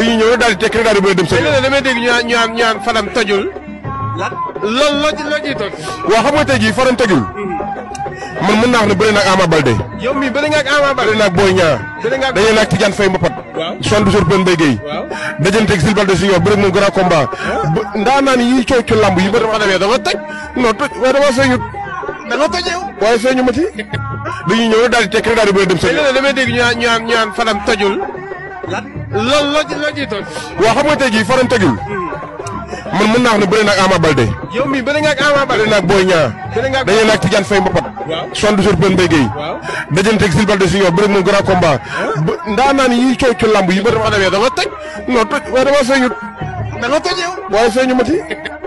dañuy ñëw daal di tekki rek daal di bëri dem. seen yoon damay dégg ñu naan ñu naan ñu naan Fadam tojul. lan loolu loo ci loo ciy toj. waaw xam nga tey jii Fadam tojul. Mm-hmm. man mën naa wax ne bëri na ak Ama Balde. yow mii bëri nga ak Ama Balde. bëri na ak Boy Niang. bëri na ak dañuy nag Tidiane Faye Mbapat. waaal soixante douze heures benn béykat yi. waaw dajante ak Sylvain Désiré bëri na grand combat. ba ndaanaan yiy coow ci lamb yi ba dama xam ne da nga toj. non toj waaye dama feeñu. da nga toj yow. waaye feeñu ma ci. dañuy ñëw daal di tekki rek daal di bëri dem. seen yoon damay dégg ñu naan ñu naan Fadam tojul lan loolu loo ci loo ciy toog. waaw xam nga tey jii faram tegul. man mën naa wax ne bëri na ak Ama Balde. yow mii bëri nga ak Ama Balde. bëri na ak Boy Niang. bëri nga ak dañuy naag Tidiane Faye Mbapat. waaw soixante jours benn béykat yi. waaw dajante ak Sine Balde si yow bëri na grand combat. ndaanaan yi coow ci lamb yi ba dafa demee dafa toj. waaye dama sëñu. da nga toj yow. waaye sëñu mati.